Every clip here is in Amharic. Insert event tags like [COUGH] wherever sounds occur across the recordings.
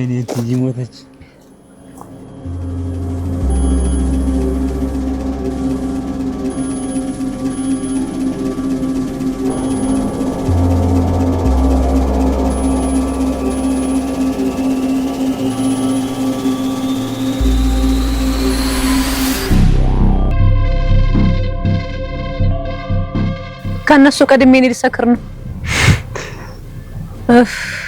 ወይኔ እትዬ ሞተች። ከእነሱ ቀድሜ እኔ ሊሰክር ነው። [LAUGHS]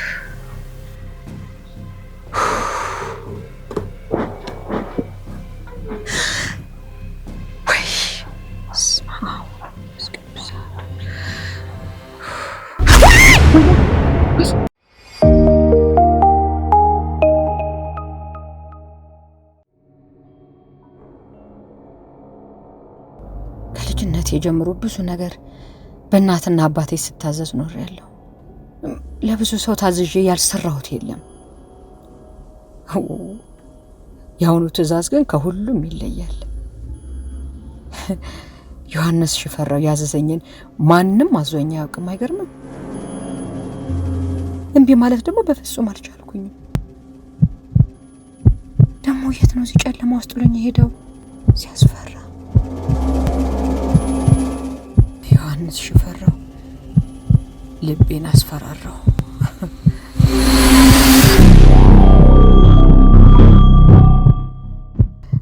ጀምሮ ብዙ ነገር በእናትና አባቴ ስታዘዝ ኖር ያለው ለብዙ ሰው ታዝዤ ያልሰራሁት የለም። የአሁኑ ትዕዛዝ ግን ከሁሉም ይለያል። ዮሐንስ ሽፈራው ያዘዘኝን ማንም አዞኝ አያውቅም። አይገርምም? እምቢ ማለት ደግሞ በፍጹም አልቻልኩኝም። ደግሞ የት ነው እዚህ ጨለማ ውስጥ ሎኝ የሄደው ሲያስፈራ ልቤን አስፈራራው።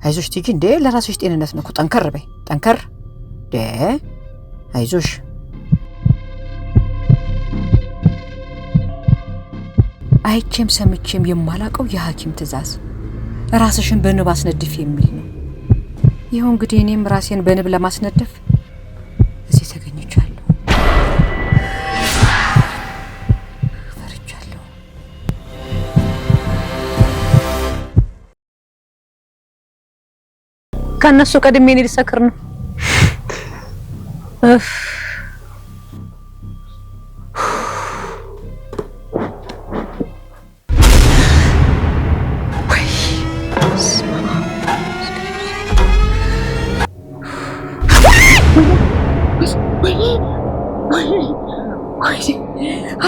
አይዞሽ ቲጂ፣ እንዴ ለራስሽ ጤንነት ነው እኮ ጠንከር በይ ጠንከር። እንዴ አይዞሽ። አይቼም ሰምቼም የማላቀው የሐኪም ትዕዛዝ ራስሽን በንብ አስነድፍ የሚል ነው። ይኸው እንግዲህ እኔም ራሴን በንብ ለማስነደፍ ከእነሱ ቀድሜ እኔ ልሰክር ነው።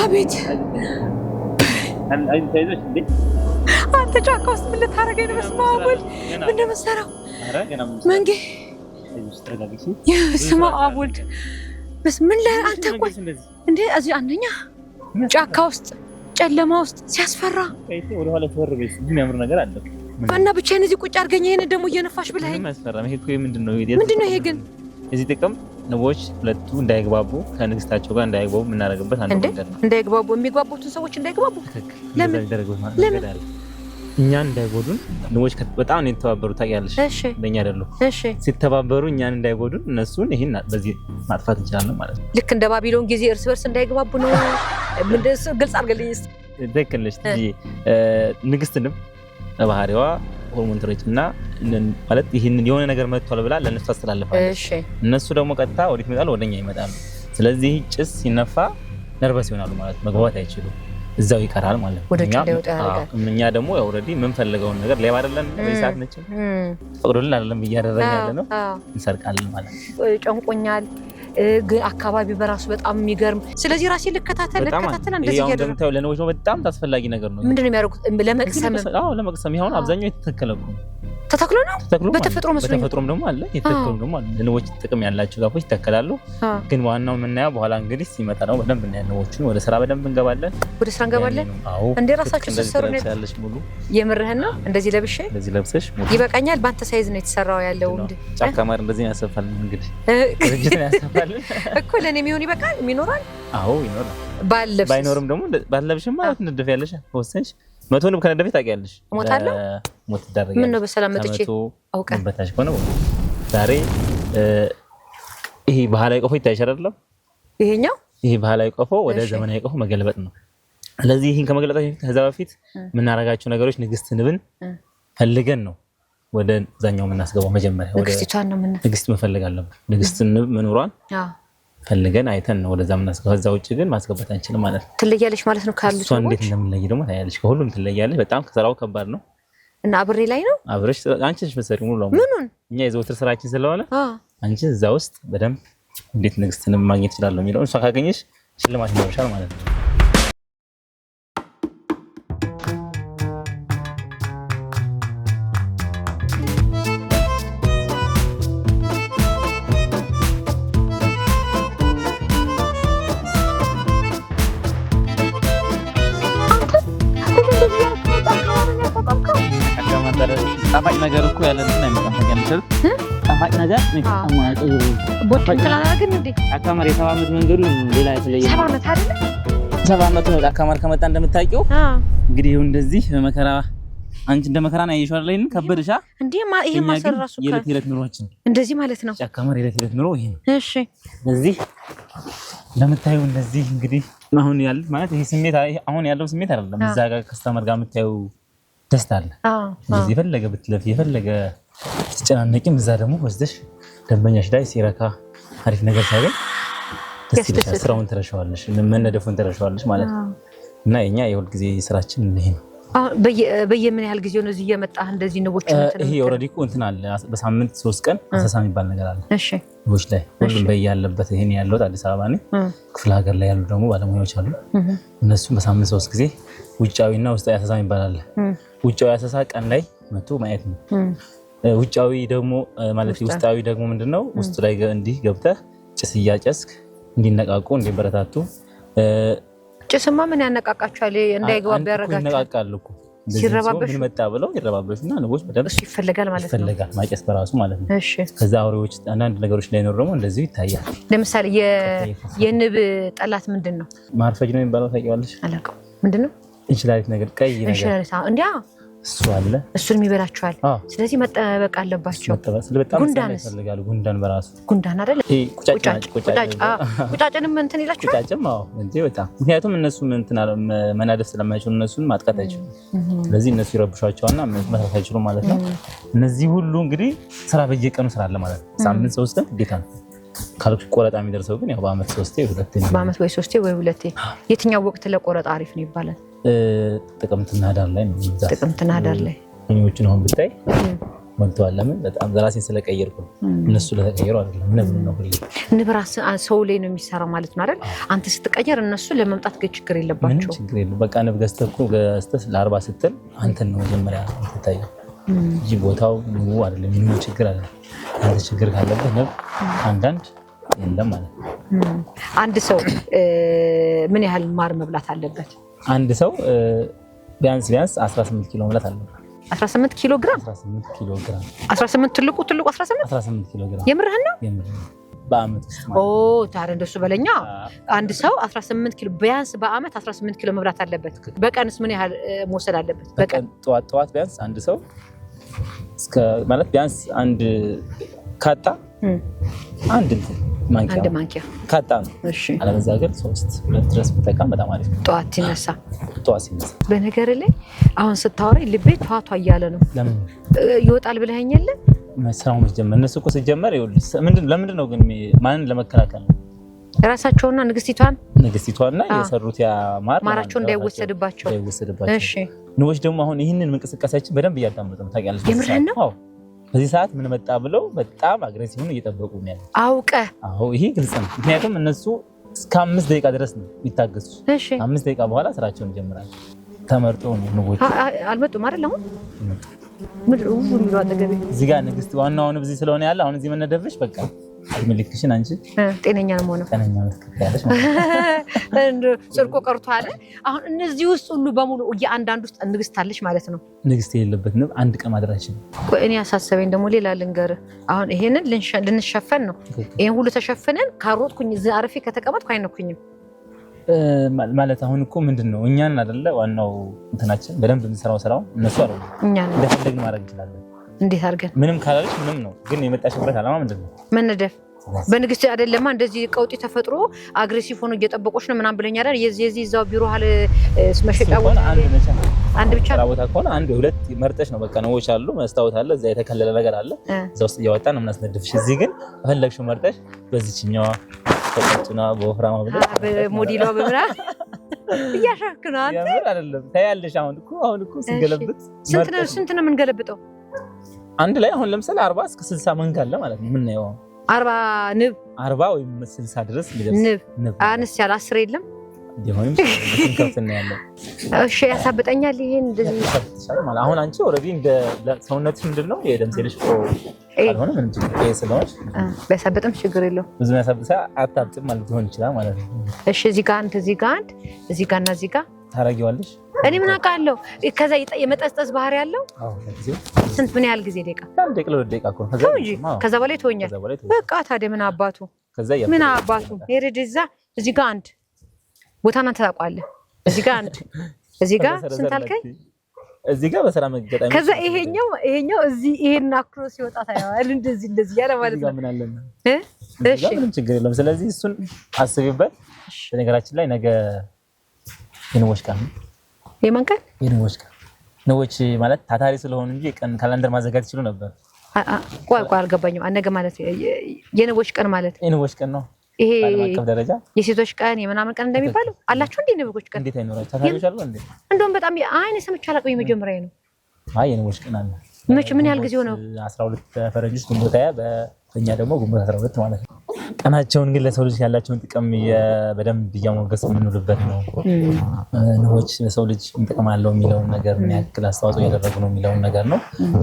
አቤት አንተ ጫካ ውስጥ ምን ልታደርገኝ ነው? በስመ አብ ወልድ፣ መንጌ ስማ አቦልድ ምን ላይ አንተ ቆይ እንዴ እዚህ አንደኛ ጫካ ውስጥ ጨለማ ውስጥ ሲያስፈራ እና ብቻዬን እዚህ ቁጭ አድርገኝ። ይሄን ደግሞ እየነፋሽ ብለኸኝ ምንድን ነው ይሄ ግን? እዚህ ጥቅም ንቦች ሁለቱ እንዳይግባቡ ከንግስታቸው ጋር እንዳይግባቡ የምናደርግበት አንዱ መንገድ ነው። እንዳይግባቡ የሚግባቡትን ሰዎች እንዳይግባቡ ለምን ለምን እኛን እንዳይጎዱን ንቦች በጣም ነው የተባበሩ ታውቂያለሽ። እንደኛ አይደሉም። ሲተባበሩ እኛን እንዳይጎዱን እነሱን ይህን በዚህ ማጥፋት እንችላለን ማለት ነው። ልክ እንደ ባቢሎን ጊዜ እርስ በርስ እንዳይግባቡ ነው። ግልጽ አድርገልኝ። ትክክል ነሽ። ንግስት ንብ በባህሪዋ ሆርሞን እና ማለት ይህንን የሆነ ነገር መጥቷል ብላ ለእነሱ አስተላልፋለች። እነሱ ደግሞ ቀጥታ ወዴት ይመጣሉ? ወደኛ ይመጣሉ። ስለዚህ ጭስ ሲነፋ ነርቨስ ይሆናሉ ማለት መግባት አይችሉም። እዛው ይቀራል ማለት ነው። ወደ ጫ ወጣ ያደርጋል። እኛ ደግሞ ኦልሬዲ የምንፈልገውን ነገር ሌባ አይደለም ሰዓት ነች ፈቅዶልን አይደለም እያደረግን ያለ ነው እንሰርቃለን ማለት ነው። ጨንቆኛል ግን አካባቢ በራሱ በጣም የሚገርም ስለዚህ ራሴ ልከታተል ልከታተል እንደዚህ እያደረኩ ለንቦች ነው በጣም አስፈላጊ ነገር ነው። ምንድን ነው የሚያደርጉት? ለመቅሰም ለመቅሰም ይሁን አብዛኛው የተተከለ ተተክሎ ነው በተፈጥሮ መስሎኝ በተፈጥሮም ደግሞ አለ የተተክሎም ደግሞ አለ። ንቦች ጥቅም ያላቸው ዛፎች ይተከላሉ። ግን ዋናው የምናየው በኋላ እንግዲህ ሲመጣ ነው በደንብ እናያ ንቦችን ወደ ስራ በደንብ እንገባለን። ወደ ስራ እንገባለን እንዴ ራሳቸው ሲሰሩ ያለች ሙሉ የምርህን ነው እንደዚህ ለብሼ እንደዚህ ለብሰሽ ይበቃኛል። በአንተ ሳይዝ ነው የተሰራው ያለው ጫካ ማር እንደዚህ ያሰፋል እንግዲህ ድርጅት ያሰፋል ይበቃል እኮ ለእኔ የሚሆን ይበቃል። ይኖራል። አዎ ይኖራል። ባለብሽ ባይኖርም ደግሞ ባለብሽማ ትንደፍ ያለሽ ወሰንሽ መቶንም ከነደፍ ታውቂያለሽ። ሞታለሁ ሞት ይዳረጋል። ምን ነው በሰላም መጥቼ አውቀን በታሽ ከሆነ ዛሬ ይሄ ባህላዊ ቆፎ ይታይሽ አይደለም? ይሄኛው ይሄ ባህላዊ ቆፎ ወደ ዘመናዊ ቆፎ መገልበጥ ነው። ስለዚህ ይህን ከመገልበጣችን በፊት ከዛ በፊት የምናደርጋቸው ነገሮች ንግስት ንብን ፈልገን ነው ወደ ዛኛው የምናስገባው መጀመሪያ ንግስት መፈለግ አለብን። ንግስት መኖሯን ፈልገን አይተን ነው ወደዛ የምናስገባው። ከዛ ውጭ ግን ማስገባት አንችልም ማለት ነው። ትለያለች ማለት ነው። ካሉ ሰዎች እንዴት እንደምንለይ ደግሞ ታያለች። ከሁሉም ትለያለች። በጣም ስራው ከባድ ነው እና አብሬ ላይ ነው አብረሽ አንቺ ነሽ መሰሪ ሙሉ ምኑን እኛ የዘወትር ስራችን ስለሆነ አንቺ እዛ ውስጥ በደንብ እንዴት ንግስትን ማግኘት ይችላለሁ የሚለውን እሷ ካገኘሽ ሽልማት ይኖርሻል ማለት ነው። ጣፋጭ ነገር እኮ ያለ እንትን አይመጣም። ጣፋጭ ነገር አካማር የሰባ ዓመት መንገዱ ሌላ የተለየ ሰባ ዓመት ነው። አካማር ከመጣ እንደምታውቂው እንግዲህ እንደዚህ በመከራ አንቺ እንደ መከራ ነው ያየሽው አይደል? ከበድሻ እንዴ? ማ ይሄ ማሰራሱ የዕለት የዕለት ኑሯችን እንደዚህ ማለት ነው። አካማር የለት የዕለት ኑሮ ይሄ ነው። እሺ፣ እንደዚህ እንደምታዩ እንደዚህ እንግዲህ አሁን ያለ ማለት ይሄ ስሜት አሁን ያለው ስሜት አይደለም። እዛ ጋር ከስተመር ጋር የምታዩ ደስታ አለ። የፈለገ ብትለፊ የፈለገ ስትጨናነቂም እዛ ደግሞ ወስደሽ ደንበኛሽ ላይ ሲረካ አሪፍ ነገር ሳይሆን ደስ ይልሻል። ስራውን ትረሻዋለሽ፣ መነደፉን ትረሻዋለሽ ማለት ነው እና የኛ የሁል ስራችን ይሄ ነው። በየምን ያህል ጊዜ ነው እዚህ እየመጣህ እንደዚህ ንቦች? ይሄ ኦልሬዲ እኮ እንትን አለ በሳምንት ሶስት ቀን አሰሳ የሚባል ነገር አለ ንቦች ላይ ሁሉም በያለበት። ይሄ ያለሁት አዲስ አበባ ነኝ። ክፍለ ሀገር ላይ ያሉ ደግሞ ባለሙያዎች አሉ። እነሱም በሳምንት ሶስት ጊዜ ውጫዊና ውስጣዊ አሰሳ የሚባል አለ ውጫዊ አሰሳ ቀን ላይ መቶ ማየት ነው። ውጫዊ ደግሞ ማለት ውስጣዊ ደግሞ ምንድነው? ውስጥ ላይ እንዲህ ገብተህ ጭስ እያጨስክ እንዲነቃቁ እንዲበረታቱ። ጭስማ ምን ያነቃቃቸዋል? እንዳይግባቡ ያደርጋቸዋል። ይነቃቃሉ እኮ ሲረባበሽ መጣ ብለው ይረባበሹና ንቦች ይፈለጋል ማጨስ በራሱ ማለት ነው። እሺ ከዛ አውሬዎች አንዳንድ ነገሮች ላይ ደግሞ እንደዚሁ ይታያል። ለምሳሌ የንብ ጠላት ምንድን ነው? ማርፈጅ ነው የሚባለው ታውቂዋለሽ? አላውቅም። ምንድን ነው እንሽላሊት ነገር ቀይ ነገር እንሽላሊት እንዲያ እሱ አለ እሱን ይበላቸዋል። ስለዚህ መጠበቅ አለባቸው። ጉንዳንስ ጉንዳን በራሱ ጉንዳን አይደለ [LAUGHS] ቁጫጭንም እንትን ይላቸዋል። በጣም ምክንያቱም እነሱ እንትን መናደፍ ስለማይችሉ እነሱን ማጥቃት አይችሉ። ስለዚህ እነሱ ይረብሻቸዋልና መስራት አይችሉ ማለት ነው። እነዚህ ሁሉ እንግዲህ ስራ በየቀኑ ስራ አለ ማለት ነው። ሳምንት ሰው ውስጥ ግዴታ ነው ካልኩ ቆረጣ የሚደርሰው ግን ያው በአመት ሶስቴ ሁለቴ በአመት ወይ ሶስቴ ወይ ሁለቴ። የትኛው ወቅት ለቆረጣ አሪፍ ነው ይባላል? ጥቅምትና ዳር ላይ ነው። ጥቅምትና ዳር ላይ ኒዎችን አሁን ብታይ ሞልተዋል። ለምን በጣም ራሴን ስለቀየርኩ እነሱ ለተቀየሩ አይደለም። ለምን ነው ሁሌ ንብራ ሰው ላይ ነው የሚሰራ ማለት ነው አይደል? አንተ ስትቀየር እነሱ ለመምጣት ችግር የለባቸው። ችግር የለ በቃ ንብ ገዝተህ እኮ ገዝተህ ለአርባ ስትል አንተን ነው መጀመሪያ የምትታየው እንጂ ቦታው ንቡ አይደለም። የንቡ ችግር አለ። አንተ ችግር ካለበት ንብ አንዳንድ የለም ማለት ነው። አንድ ሰው ምን ያህል ማር መብላት አለበት? አንድ ሰው ቢያንስ ቢያንስ 18 ኪሎ መብላት አለበት። 18 ኪሎ ግራም 18 ኪሎ ግራም 18 ትልቁ ትልቁ 18 18 ኪሎ ግራም የምርህን ነው በአመት ኦ ታዲያ እንደሱ በለኛ አንድ ሰው 18 ኪሎ ቢያንስ በአመት 18 ኪሎ መብላት አለበት። በቀንስ ምን ያህል መውሰድ አለበት? በቀን ጠዋት ጠዋት ቢያንስ አንድ ሰው እስከ ማለት ቢያንስ አንድ ካጣ አንድ እንትን አንድ ማንኪያ ካጣ ነው። አለበዛ ግን ሶስት ሁለት ድረስ ብጠቀም በጣም አሪፍ ነው። ጠዋት ሲነሳ ጠዋት ሲነሳ በነገር ላይ አሁን ስታወራኝ ልቤ ቷቷ እያለ ነው። ይወጣል ብለኸኝ የለ ስራውን ሲጀመር እነሱ እኮ ሲጀመር ለምንድን ነው ግን ማንን ለመከላከል ነው? ራሳቸውና ንግስቲቷን ንግስቲቷና የሰሩት ማር ማራቸው እንዳይወሰድባቸው። እሺ ንቦች ደግሞ አሁን ይህንን እንቅስቃሴያችን በደንብ እያዳመጡ ነው። ታውቂያለሽ የምርህን ነው በዚህ ሰዓት ምን መጣ ብለው በጣም አግሬሲቭ እየጠበቁ ነው ያለው። አውቀ አዎ፣ ይሄ ግልጽ ነው። ምክንያቱም እነሱ እስከ አምስት ደቂቃ ድረስ ነው የሚታገሱ። አምስት ደቂቃ በኋላ ስራቸውን ይጀምራል። ተመርጦ ነው ንቦች አልመጡም አይደል? አሁን ምድሩ ሁሉ አጠገቤ እዚህ ጋር ንግስት ዋናው ነው። በዚህ ስለሆነ ያለ አሁን እዚህ መነደፍሽ በቃ ምልክሽን አንቺ ጤነኛ ነው መሆነ ጽድቁ ቀርቷል። አሁን እነዚህ ውስጥ ሁሉ በሙሉ የአንዳንድ ውስጥ ንግስት አለች ማለት ነው። ንግስት የሌለበት ንብ አንድ ቀን ማደር አይችልም። እኔ ያሳሰበኝ ደግሞ ሌላ ልንገር። አሁን ይሄንን ልንሸፈን ነው። ይህን ሁሉ ተሸፍነን ካሮጥኩኝ አርፌ ከተቀመጥኩ አይነኩኝም ማለት አሁን እኮ ምንድን ነው እኛን አደለ ዋናው እንትናችን በደንብ የምንሰራው ስራው እነሱ አለ እንደፈለግን ማድረግ እንችላለን እንዴት አድርገን ምንም ካላለች ምንም ነው። ግን የመጣሽበት አላማ ምንድን ነው? መነደፍ በንግስት አይደለማ። እንደዚህ ቀውጢ ተፈጥሮ አግሬሲቭ ሆኖ እየጠበቆች ነው ምናም ብለኛ አይደል? የዚህ የዚህ እዛው ቢሮ ሀል መሸጫ ቦታ አንድ ብቻ ቦታ ከሆነ አንድ ሁለት መርጠሽ ነው በቃ። ነዎች አሉ፣ መስታወት አለ፣ እዛ የተከለለ ነገር አለ። እዛ ውስጥ እያወጣን ነው የምናስነድፍሽ። እዚህ ግን በፈለግሽው መርጠሽ በዚችኛዋ በቀጭኗ በወፍራማ ብለ በሞዴሏ በምራ [LAUGHS] እያሻክናል አይደለም። ታያለሽ። አሁን እኮ አሁን እኮ ስንገለብጥ ስንት ነው የምንገለብጠው? አንድ ላይ አሁን ለምሳሌ አርባ እስከ ስልሳ መንጋ አለ ማለት ነው የምናየው አርባ ንብ አርባ ወይም ስልሳ ድረስ ንብ አንስ ያለ አስር የለም እሺ ያሳብጠኛል። ይሄን እንደዚህ አሁን አንቺ ኦልሬዲ እንደ ሰውነትሽ ምንድን ነው የደም ሴልሽ ካልሆነ ምንም ችግር ስለሆነ ቢያሳብጥም ችግር የለው። ብዙ ያሳብጥሻ አታብጥም ማለት ሊሆን ይችላል ማለት ነው። እሺ እዚህ ጋር አንድ እዚህ ጋር አንድ እዚህ ጋር እና እዚህ ጋር ታረጊዋለሽ እኔ ምን አውቃለሁ። ከዛ የመጠስጠስ ባህሪ ያለው ስንት ምን ያህል ጊዜ ደቂቃ ከዛ በላይ ትሆኛል። በቃ ታዲያ ምን አባቱ ምን አባቱ ሄድድ ዛ እዚህ ጋር አንድ ቦታ እናንተ ታውቋለህ። እዚህ ጋር አንድ እዚህ ጋ ስንት አልከኝ? እዚህ ጋር በሰላም መገጣሚ ከዛ ይሄኛው ይሄኛው እዚህ ይሄን አክሮ ሲወጣ ታያል። እንደዚህ እንደዚህ ያለ ማለት ነው። እሺ ምንም ችግር የለም። ስለዚህ እሱን አስቢበት። በነገራችን ላይ ነገ ይንቦች ቀን የማን ቀን? የንቦች ቀን። ንቦች ማለት ታታሪ ስለሆኑ እንጂ ቀን ካላንደር ማዘጋጀት ይችሉ ነበር። ቆይ ቆይ አልገባኝም። ነገ ማለት የንቦች ቀን ማለት የንቦች ቀን ነው። ይሄ ደረጃ የሴቶች ቀን የምናምን ቀን እንደሚባለው አላችሁ እንዴ? ንቦች ቀን እንዴት አይኖራችሁ? ታታሪዎች አሉ እንዴ? እንደውም በጣም አይኔ ሰምቼ አላውቅም። የመጀመሪያ ነው። አይ የንቦች ቀን አለ መቼ? ምን ያህል ጊዜ ሆነው? 12 ፈረንጆች ግንቦት ሃያ በእኛ ደግሞ ግንቦት 12 ማለት ነው። ቀናቸውን ግን ለሰው ልጅ ያላቸውን ጥቅም በደንብ እያሞገስ የምንውልበት ነው። ንቦች ለሰው ልጅ ጥቅም አለው የሚለውን ነገር ምን ያክል አስተዋጽኦ እያደረጉ ነው የሚለውን ነገር ነው።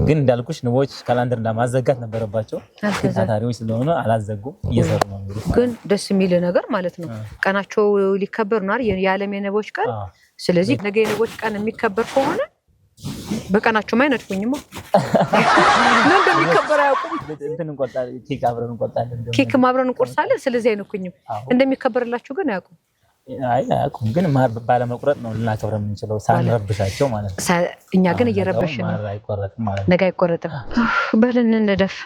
ግን እንዳልኩሽ ንቦች ካላንደር ማዘጋት ነበረባቸው፣ ታታሪዎች ስለሆነ አላዘጉም፣ እየሰሩ ነው። ግን ደስ የሚል ነገር ማለት ነው። ቀናቸው ሊከበር ነው የዓለም የንቦች ቀን። ስለዚህ ነገ የንቦች ቀን የሚከበር ከሆነ በቀናቸውም አይነድፉኝማ። ምን እንደሚከበር አያውቁም። ኬክም አብረን እንቆርሳለን። ስለዚህ አይነኩኝም። እንደሚከበርላቸው ግን አያውቁም። አያውቁም። ግን ባለመቁረጥ ነው ልናከብር የምንችለው ሳንረብሻቸው ማለት ነው። እኛ ግን እየረበሽ ነው። ነገ አይቆረጥም። በልን እንደፍ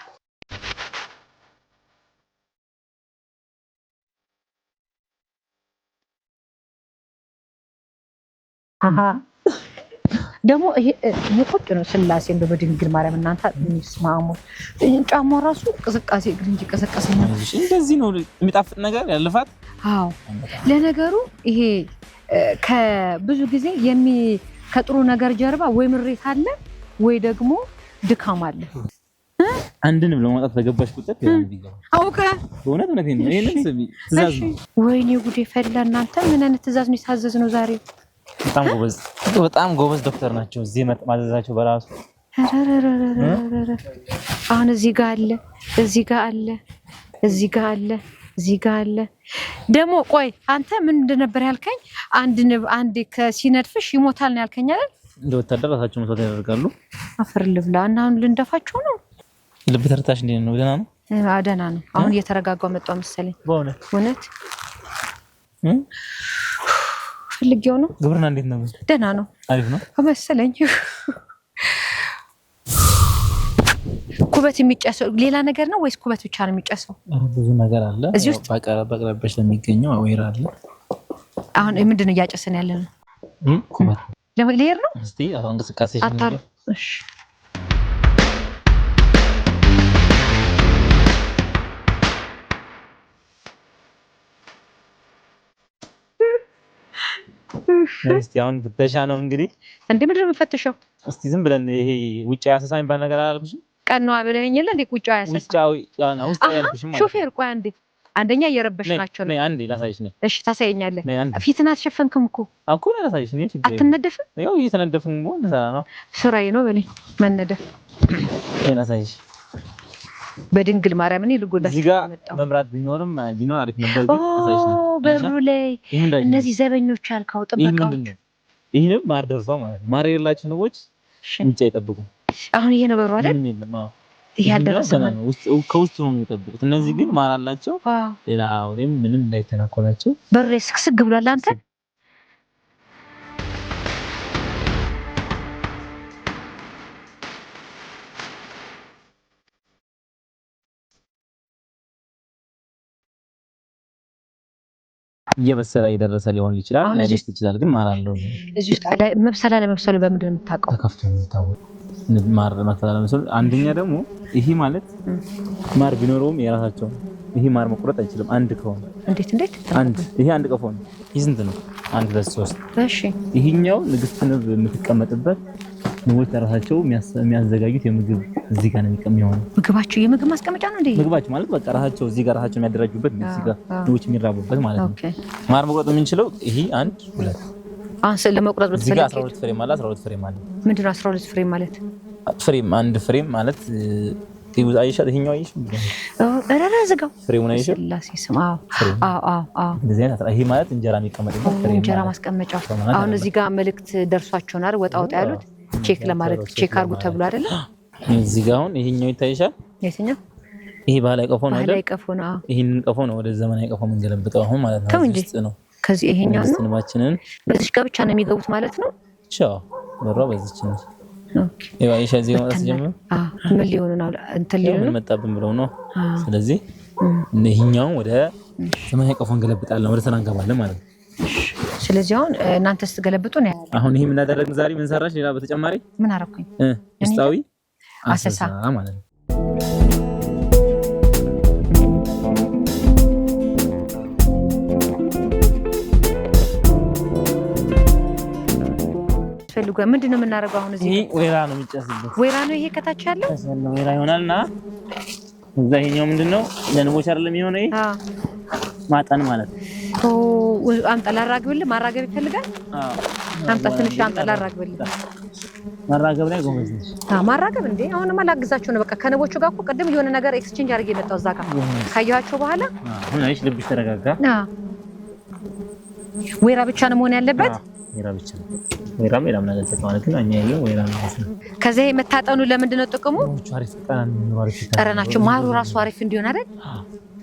ደግሞ ሙቆጭ ነው ስላሴ እንደ በድንግል ማርያም እናንተ የሚስማሙ ጫማ ራሱ ቅስቃሴ እግር እንጂ ቅስቃሴ እንደዚህ ነው የሚጣፍጥ ነገር ያልፋት። አዎ ለነገሩ ይሄ ከብዙ ጊዜ ከጥሩ ነገር ጀርባ ወይ ምሬት አለ ወይ ደግሞ ድካም አለ። አንድንም ለማውጣት በገባሽ ቁጥር አውቀ በእውነት እውነት ይህንን ትእዛዝ ነው። ወይኔ ጉዴ ፈላ እናንተ ምን አይነት ትእዛዝ ነው የታዘዝ ነው ዛሬ በጣም ጎበዝ በጣም ጎበዝ ዶክተር ናቸው። እዚህ ማዘዛቸው በራሱ አሁን እዚህ ጋር አለ፣ እዚህ ጋር አለ፣ እዚህ ጋር አለ፣ እዚህ ጋር አለ። ደግሞ ቆይ አንተ ምን እንደነበር ያልከኝ አንድ አንድ ሲነድፍሽ ይሞታል ነው ያልከኝ አይደል? እንደ ወታደር ራሳቸው መስዋዕት ያደርጋሉ። አፈር ልብላ እና አሁን ልንደፋቸው ነው። ልብ ተርታሽ እንዴት ነው? ደህና ነው? ደህና ነው። አሁን እየተረጋጋው መጣው መሰለኝ በእውነት እውነት ፈልጌው ነው። ግብርና እንዴት ነው? ደህና ነው፣ አሪፍ ነው መሰለኝ። ኩበት የሚጨሰው ሌላ ነገር ነው ወይስ ኩበት ብቻ ነው የሚጨሰው? ብዙ ነገር አለ እዚህ ውስጥ። በቅረበሽ ለሚገኘው ወይራ አለ። አሁን ምንድን ነው እያጨሰን ያለ ነው? ኩበት ሌር ነው እንቅስቃሴ እስቲ አሁን ፍተሻ ነው እንግዲህ። እንዴ ምንድን ነው የምፈትሸው? እስቲ ዝም ብለን ይሄ ውጫዊ አሰሳ የሚባል ነገር አላልኩሽም? ቀን ነዋ ብለኸኝ የለ እንዴ? ውጫዊ አሰሳ ሾፌር፣ ቆይ አንዴ አንደኛ እየረበሽ ናቸው ነው። አንዴ ላሳይሽ ነው። እሺ ታሳየኛለህ። ፊትን አትሸፈንክም እኮ እኮ ላሳይሽ ነው። አትነደፍም? ያው እየተነደፍን ነው ስራዬ ነው በለኝ መነደፍ። ላሳይሽ በድንግል ማርያም እኔ ልጎዳ እዚህ ጋር መምራት ቢኖርም ቢኖር አሪፍ ነበር። በሩ ላይ እነዚህ ዘበኞች አልካው ጥበቃው ይህንም ማር ደርሷ ማለት ማር የሌላቸው ንቦች እንጫ አይጠብቁም። አሁን ይሄ ነው በሩ አይደል? ከውስጥ ነው የሚጠብቁት። እነዚህ ግን ማር አላቸው። ሌላ ምንም እንዳይተናኮላቸው በሩ ላይ ስክስግ ብሏል አንተ እየበሰለ የደረሰ ሊሆን ይችላል፣ ላይደርስ ይችላል። ግን ማር አለው። መብሰል አለመብሰሉ በምንድን ነው የምታውቀው? ተከፍቶ የሚታወቅ ማር መብሰል አለመብሰሉ። አንደኛ ደግሞ ይሄ ማለት ማር ቢኖረውም የራሳቸው ይሄ ማር መቁረጥ አይችልም። አንድ ከሆነ እንዴት እንዴት አንድ ይሄ አንድ ቀፎ ነው። ይህ ስንት ነው? አንድ ሶስት። እሺ ይሄኛው ንግስት ንብ የምትቀመጥበት ንቦች ራሳቸው የሚያዘጋጁት የምግብ እዚህ ጋር ነው የሚሆነው። ምግባቸው የምግብ ማስቀመጫ ነው እንዴ? ምግባቸው ማለት በቃ ራሳቸው እዚህ ጋር ራሳቸው የሚያደራጁበት እዚህ ጋር ንቦች የሚራቡበት ማለት ነው። ማር መቁረጥ የምንችለው ይሄ አንድ ሁለት አንስ ለመቁረጥ ብትፈልግ እዚህ 12 ፍሬም አለ። 12 ፍሬም አለ። ምንድን ነው 12 ፍሬም ማለት? ፍሬም አንድ ፍሬም ማለት ይኸው አይሻል ይሄኛው አይሻል ረረ ዝጋው ፍሬሙን አይሻል ላሲ ስም አዎ አዎ አዎ ይሄ ማለት እንጀራ የሚቀመጥበት ፍሬም እንጀራ ማስቀመጫ። አሁን እዚህ ጋር መልእክት ደርሷቸውናል ወጣ ወጣ ያሉት ቼክ ለማድረግ ቼክ አርጉ ተብሎ አይደለ? እዚህ ጋር አሁን ይሄኛው ይታይሻል። የትኛው? ይሄ ባህላዊ ቀፎ ነው አይደል? ይሄንን ቀፎ ነው ወደ ዘመናዊ ቀፎ የምንገለብጠው አሁን ማለት ነው። ተው ነው ከዚህ ይሄኛው ነው። ስንባችንን በዚህ ጋር ብቻ ነው የሚገቡት ማለት ነው። ቻው በሯ በዚህ ነው። ይሄ አይሻ እዚህ ማለት ጀምሮ ምን ሊሆን ነው እንትን ሊሆን መጣብን ብለው ነው። ስለዚህ ይሄኛው ወደ ዘመናዊ ቀፎ እንገለብጣለን፣ ወደ ተራ እንገባለን ማለት ነው። ስለዚህ አሁን እናንተ ስትገለብጡ ነው ያለ። አሁን ይህ የምናደረግን ዛሬ ምን ሰራች? ሌላ በተጨማሪ ምን አረኩኝ? ውስጣዊ አሰሳ ማለት ነው። ፈልጎ ምንድን ነው የምናደርገው? አሁን እዚህ ወይራ ነው የሚጨስበት። ወይራ ነው ይሄ ከታች ያለው ወይራ ይሆናል እና እዛ ይሄኛው ምንድን ነው ለንቦች አይደለም የሆነ ማጠን ማለት ነው። አንጠላ አራግብልህ ማራገብ ይፈልጋል። አምጣ ትንሽ አንጠላ አራግብልህ። ማራገብ ላይ ጎበዝ ነሽ። ማራገብ እንዴ! አሁንማ ላግዛቸው ነው። በቃ ከንቦቹ ጋር እኮ ቅድም የሆነ ነገር ኤክስቼንጅ አድርጌ የመጣው እዛ ጋር ካየኋቸው በኋላ አሁን ልብሽ ተረጋጋ። ወይራ ብቻ ነው መሆን ያለበት ወይራ ብቻ ነው። ወይራም ሌላም ነገር ተጠቅማለ፣ ግን እኛ ያየው ወይራ ነው። ከዚያ የመታጠኑ ለምንድን ነው ጥቅሙ? ጠረናቸው ማሩ ራሱ አሪፍ እንዲሆን አይደል?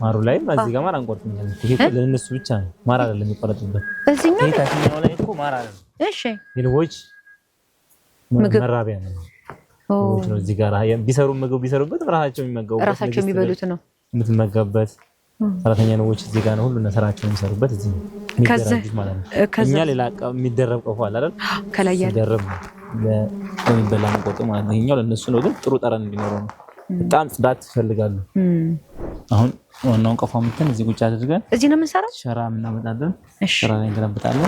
ማሩ ላይ እዚህ ጋር ማር አንቆርጥም። ይሄ ለእነሱ ብቻ ነው። ማር አይደለም የሚቆረጥበት። በዚህኛው ላይ ላይ እኮ ማር አይደለም። እሺ የልቦች መራቢያ ነው። እዚህ ጋር ቢሰሩ ምግብ ቢሰሩበት ራሳቸው የሚመገቡበት ራሳቸው የሚበሉት ነው የምትመገበት ሰራተኛ ነዎች እዚህ ጋር ነው ሁሉ ስራቸውን የሚሰሩበት እዚህ ነው ማለት ነው። እኛ ሌላ የሚደረብ ቀፎ አለ አይደል? ከላይ ያደረብ ለሚበላ መቆጥ ማለት ነው። ይሄኛው ለነሱ ነው፣ ግን ጥሩ ጠረን እንዲኖረው ነው። በጣም ጽዳት ይፈልጋሉ። አሁን ዋናውን ቀፎ ምትን እዚህ ቁጭ አድርገን እዚህ ነው የምንሰራው። ሸራ የምናመጣለን፣ ሸራ ላይ እንገለብጣለን።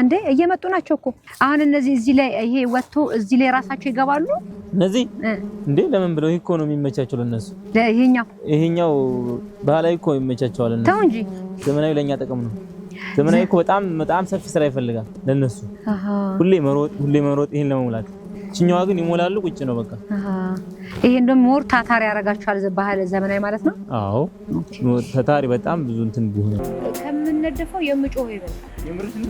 እንዴ እየመጡ ናቸው እኮ አሁን እነዚህ እዚህ ላይ ይሄ ወጥቶ እዚህ ላይ ራሳቸው ይገባሉ። እነዚህ እንዴ ለምን ብለው ይሄ እኮ ነው የሚመቻቸው ለነሱ። ይሄኛው ይሄኛው ባህላዊ እኮ ይመቻቸዋል። ተው እንጂ ዘመናዊ ለኛ ጥቅም ነው። ዘመናዊ እኮ በጣም በጣም ሰፊ ስራ ይፈልጋል ለነሱ። ሁሌ መሮጥ፣ ሁሌ መሮጥ ይሄን ለመሙላት ችኛዋ ግን ይሞላሉ። ቁጭ ነው በቃ። ይሄ እንደውም ሞር ታታሪ ያደርጋቸዋል ባህል ዘመናዊ ማለት ነው። አዎ ታታሪ በጣም ብዙ እንትን ቢሆን ብነደፈው የምጮህ ይበልጣል። ይሄ ምንድን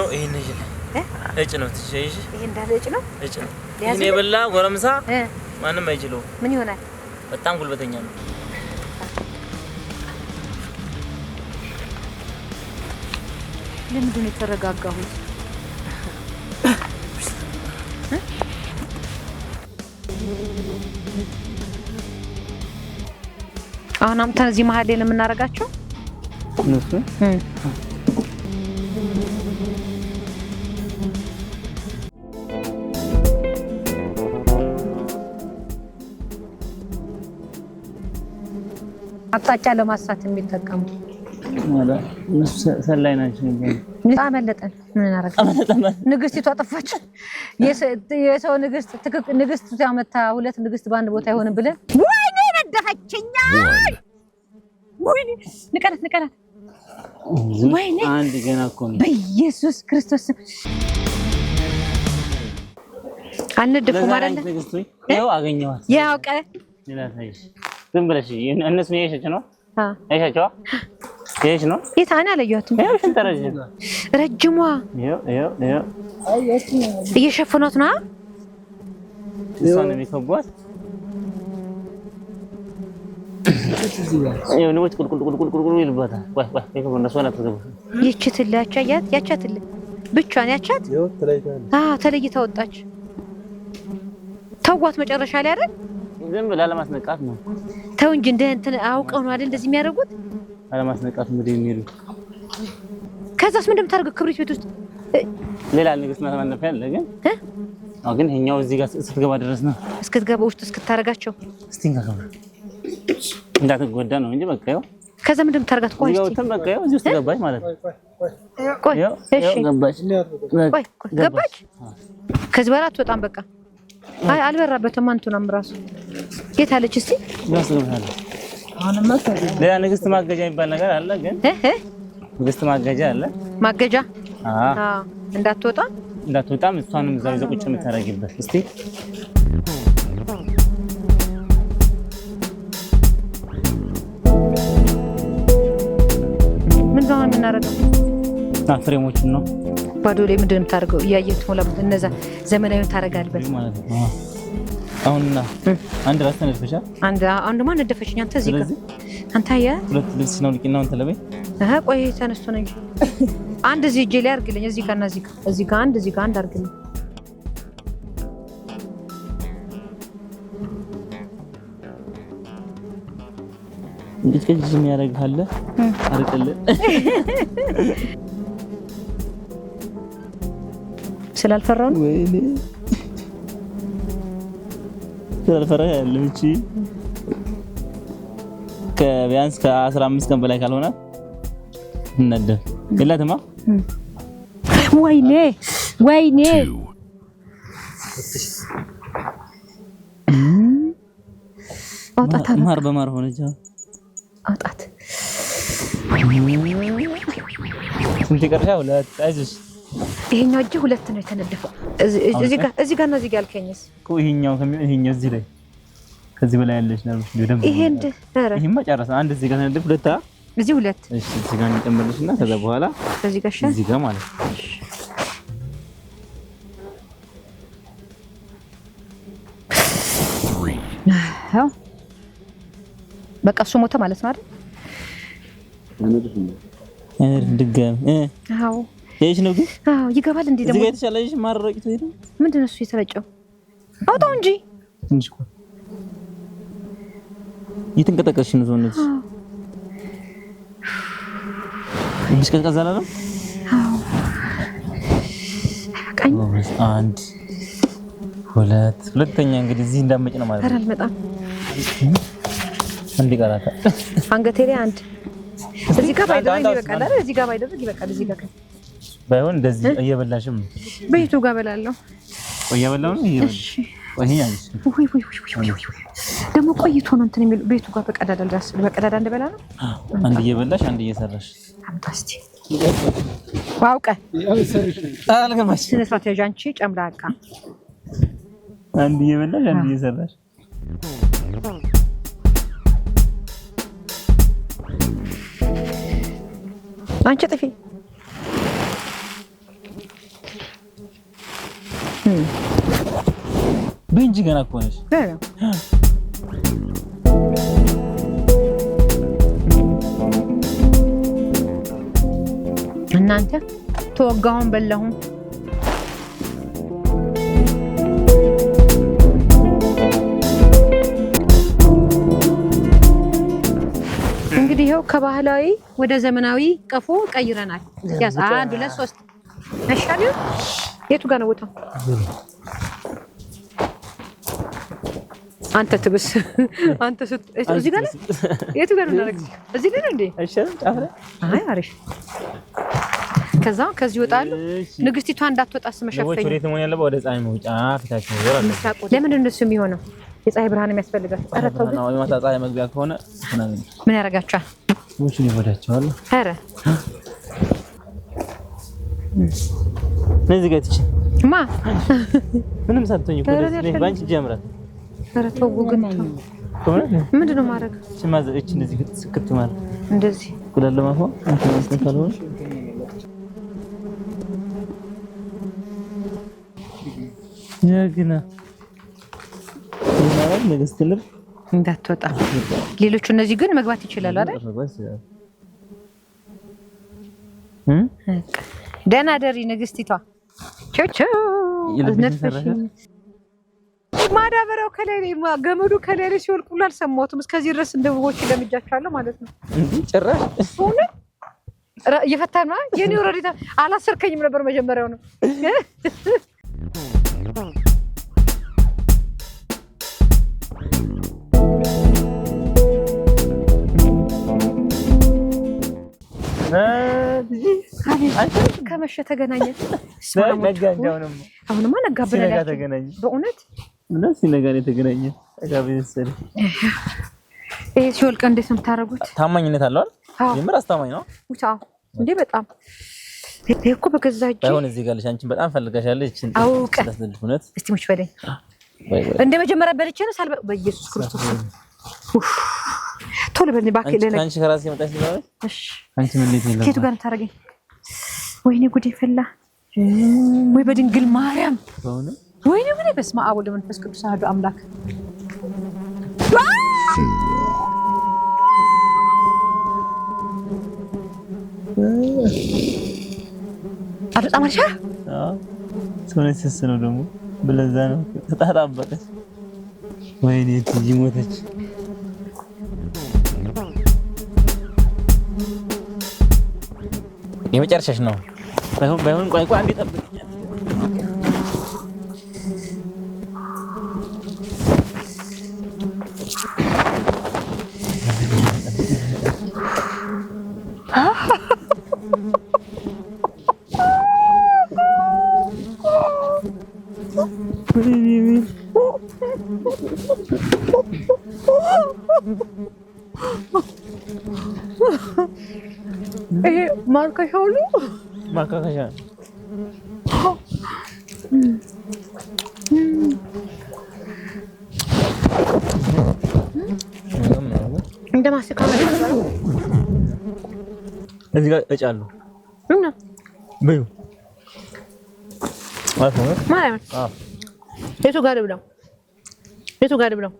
ነው? ይሄን እጭ ነው ትሽ ይሄ እንዳለ እጭ ነው። እጭ ነው። ይሄን የበላ ጎረምሳ ማንም አይችለውም። ምን ይሆናል? በጣም ጉልበተኛ ነው። ለምንድን ነው የተረጋጋሁት? አሁን አምተን እዚህ መሀል ላይ የምናደርጋቸው። እነሱ አቅጣጫ ለማሳት የሚጠቀሙት። ሰላይ ናቸው። አመለጠን። ምን እናደርጋለን? ንግስቲቱ አጠፋች። የሰው ንግስት ትክክል ንግስት ያመታ ሁለት ንግስት በአንድ ቦታ አይሆንም ብለን ወይኔ ነደፈችኛ። ወይኔ ንቀናት፣ ንቀናት። ወይኔ አንድ ገና እኮ ነው። በኢየሱስ ክርስቶስ አንደኩም አይደለ? ይኸው አገኘኋት። ያውቀ ዝም ብለሽ እነሱን ያይሻቸው ነው ያይሻቸዋ ይሄሽ ነው የታና አላየኋትም። ረጅሟ እየሸፈኗት ነው። ብቻዋን ያቻት ተለይታ ወጣች። ተዋት መጨረሻ ላይ አይደል? ዝም ብላ ለማስነቃት ነው። ተው እንጂ እንደ እንትን አውቀው ነው አይደል እንደዚህ የሚያደርጉት አለማስነቃት ምንድን የሚሉ ከዛስ ምንድን የምታደርገው ክብሪት ቤት ውስጥ ሌላ ነገር ማነፍ ያለ ግን አዎ፣ ግን ይኸኛው እዚህ ጋር እስክትገባ ድረስ ነው። እስክትገባ ውስጥ እስክታረጋቸው እስቲ እንጋገባ እንዳትጎዳ ነው እንጂ በቃ ያው ከዛ ምንድን የምታደርጋት ቆይ፣ እስቲ ያው በቃ ያው እዚህ ውስጥ ገባች ማለት ነው። ቆይ እሺ፣ ገባች ገባች። ከዚህ በኋላ አትወጣም። በቃ አይ፣ አልበራበትም። አንቱናም ራሱ የት አለች? እስቲ ያስገባታለች ሌላ ንግስት ማገጃ የሚባል ነገር አለ። ግን ንግስት ማገጃ አለ። ማገጃ እንዳትወጣ እንዳትወጣም እሷንም እዛው ይዘህ ቁጭ የምታደርጊበት እስቲ ምን ነው የምናደርገው? ነው ባዶ ላይ ምንድን ነው የምታደርገው? እያየህ ትሞላበት እነዛ ዘመናዊውን ታደርጋለህ ማለት ነው አሁንና አንድ ራስ ተነድፈሻል። አንድ አንድ ማን ነደፈሽኝ? አንተ እዚህ ጋር አንተ አየህ፣ ሁለት ልብስ ነው ልቂና አንተ ለበይ አሀ ቆይ ተነስቶ ነኝ። አንድ እዚህ እጄ ላይ አድርግልኝ። እዚህ ጋር እና እዚህ ጋር እዚህ ጋር አንድ እዚህ ጋር አንድ አድርግልኝ። እንቅጭቅጭ የሚያደርግህ አርቅልህ ስላልፈራው ነው ይከላከላል። ፈረህ ያለም እቺ ከቢያንስ ከ15 ቀን በላይ ካልሆነ ነደ የላትማ። ወይኔ ወይኔ አውጣት፣ ማር በማር ሆነች። አውጣት ስንት ይቀርሻ? ሁለት አይዞሽ ይሄኛው እጅ ሁለት ነው የተነደፈው። እዚህ ጋር እዚህ ጋር ነው እዚህ ጋር ያልከኝስ ይሄኛው ይሄኛው እዚህ ላይ ከዚህ በላይ ያለች ነው ደም ይሄ እንደ ኧረ አንድ እዚህ ጋር ተነደፈ፣ ሁለት እዚህ ሁለት። እሺ እዚህ ጋር እንጨምርልሽና ከዛ በኋላ እዚህ ጋር እዚህ ጋር ማለት ነው። በቃ እሱ ሞተ ማለት ነው አይደል? ድጋሚ አዎ ይሄሽ ነው ግን? አዎ ይገባል። እንዴ ደግሞ እዚህ ጋር ማረቂቱ ይሄ ምንድን ነው እሱ የተረጨው? አውጣው እንጂ እንጂ እኮ እየተንቀጠቀስሽ ነው ሰውነትሽ። ትንሽ ቀዝቀዝ አለ ነው። አንድ ሁለት ሁለተኛ እንግዲህ እዚህ እንዳመጭ ነው ማለት ነው። አልመጣም። አንድ ይቀራታል። አንገቴ ላይ አንድ እዚህ ጋር ባይደረግ ይበቃል። እዚህ ጋር ባይደረግ ይበቃል። እዚህ ጋር ባይሆን እንደዚህ እየበላሽም ቤቱ ጋር እበላለሁ። እየበላው ነው ደግሞ ቆይቶ ነው እንትን የሚሉ ቤቱ ጋር በቀዳዳ ልዳስ በቀዳዳ እንደበላ ነው። አንድ እየበላሽ አንድ እየሰራሽ አውቀ አልገባሽ። ስነ ስርዓት ያዥ አንቺ ጨምላቃ። አንድ እየበላሽ አንድ እየሰራሽ አንቺ ጥፊ በእንጂ ገና እኮ ነሽ። እናንተ ተወጋሁን በላሁን እንግዲህ ከባህላዊ ወደ ዘመናዊ ቀፎ ቀይረናል። አንድ ሁለት ሶስት መሻል የቱ ጋር ነው ቦታው? አንተ ትብስ አንተ እዚህ ጋር የቱ ጋር ነው? እዚህ ጋር እንዴ? እሺ፣ ጫፍ አይ፣ አሪፍ ከዛ ከዚህ ይወጣሉ። ንግስቲቷ እንዳትወጣ ስመሸፈኝ ወዴት መሆን ያለበት? ወደ ፀሐይ መውጫ ፊታችን ይዞር አለ። ለምንድን ነው እሱ የሚሆነው? የፀሐይ ብርሃን የሚያስፈልጋል። ጠረፈው ነው ማታ ፀሐይ መግቢያ ከሆነ ምን ያደርጋቸዋል? ሙቹን ይወዳቸዋል። አረ ነዚ ገትች ማ ምንም ሳትሆኝ እኮ ባንቺ እጅ ኧረ ተው ግን ምንድን ነው ማድረግ? እንደዚህ ስክት ማለት እንደዚህ እንዳትወጣ። ሌሎቹ እነዚህ ግን መግባት ይችላሉ አይደል? ደህና ደሪ ንግስቲቷ። ማዳበሪያው ከላይ ገመዱ ከላይ ላይ ሲወልቅ ሁሉ አልሰማሁትም። እስከዚህ ድረስ እንደ ውቦች ለምጃቸዋለሁ ማለት ነው። ጭራሽ እውነት እየፈታ ነ የኔ ወረዴታ። አላሰርከኝም ነበር መጀመሪያው ነው። ከመሸ ተገናኘ። አሁንማ ነጋ ብለህ በእውነት እውነት ሲነጋ ነው የተገናኘ። ይሄ ሲወልቀ እንዴት ነው የምታደርጉት? ታማኝነት አለው አይደል? አስታማኝ ነው እንዴ! በጣም ይሄ እኮ በገዛ እጅ አሁን እዚህ ጋር አንቺን በጣም ፈልጋሻለች። አውቀ እስቲ ሙች በለኝ እንደ መጀመሪያ በልቼ ነው ሳልበ በኢየሱስ ክርስቶስ ቶሎ በኔ ባክ ለነ አንቺ ከራስሽ የመጣሽ ነው። እሺ አንቺ ምን ልትይ ነው? ሴቱ ጋር ታረገኝ ወይኔ ጉዴ ፈላ። ወይ በድንግል ማርያም ወይኔ ወይኔ! በስመ አብ ወወልድ ወመንፈስ ቅዱስ አሐዱ አምላክ። አቶ ጣማርሻ ሰውነት ስስ ነው ደግሞ ብለዛ ነው ተጣጣበቀች። ወይኔ ትይ ሞተች Ini me echarse no? Bangun, bangun, ¿Cuál kau ambil ይሄ ማርከሻ ሁሉ ማርከሻ እንደ ማስቲካ እዚህ ጋር እጫለሁ። በዩ የቱ ጋር ብለው የቱ ጋር ብለው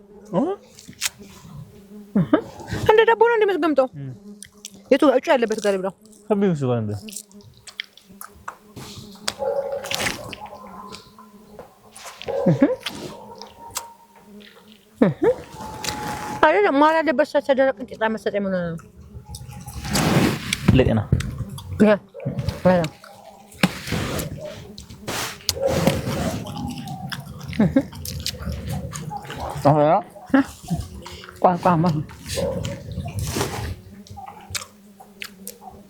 እንደ ዳቦ ነው እንደምትገምጠው የቱ እጩ ያለበት ጋር ይብራው ከሚው ሲባል እንደ አይደለም ማር ያለበት ሰዓት ተደረቅ ቂጣ መሰጠኝ ምን ነው ለጤና ያ ያ ቋንቋ ማለት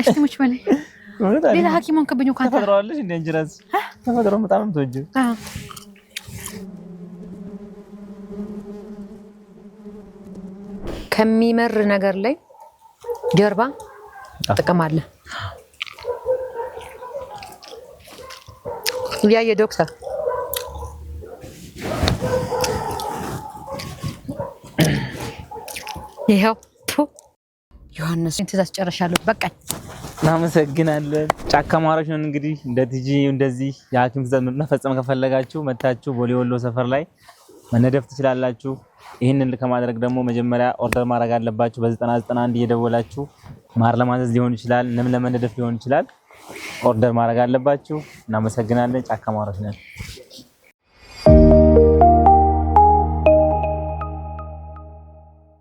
እሽትሞች በላይ ሌላ ሐኪሞን ከብኝ ኳ ተፈጥሯለሽ እንደ እንጅራስ ተፈጥሮ በጣም ምትወጅ ከሚመር ነገር ላይ ጀርባ ጥቅም አለ። ያየ ዶክተር ይኸው ዮሐንስ ትእዛዝ ጨርሻለሁ። በቃ እናመሰግናለን። ጫካ ማሮች ነን። እንግዲህ እንደ ቲጂ እንደዚህ የሐኪም ትእዛዝ መፈጸም ከፈለጋችሁ መታችሁ ቦሌ ወሎ ሰፈር ላይ መነደፍ ትችላላችሁ። ይህንን ከማድረግ ደግሞ መጀመሪያ ኦርደር ማድረግ አለባችሁ። በ991 እየደወላችሁ ማር ለማዘዝ ሊሆን ይችላል፣ ንብ ለመነደፍ ሊሆን ይችላል። ኦርደር ማድረግ አለባችሁ። እናመሰግናለን። ጫካ ማራሽ ነን።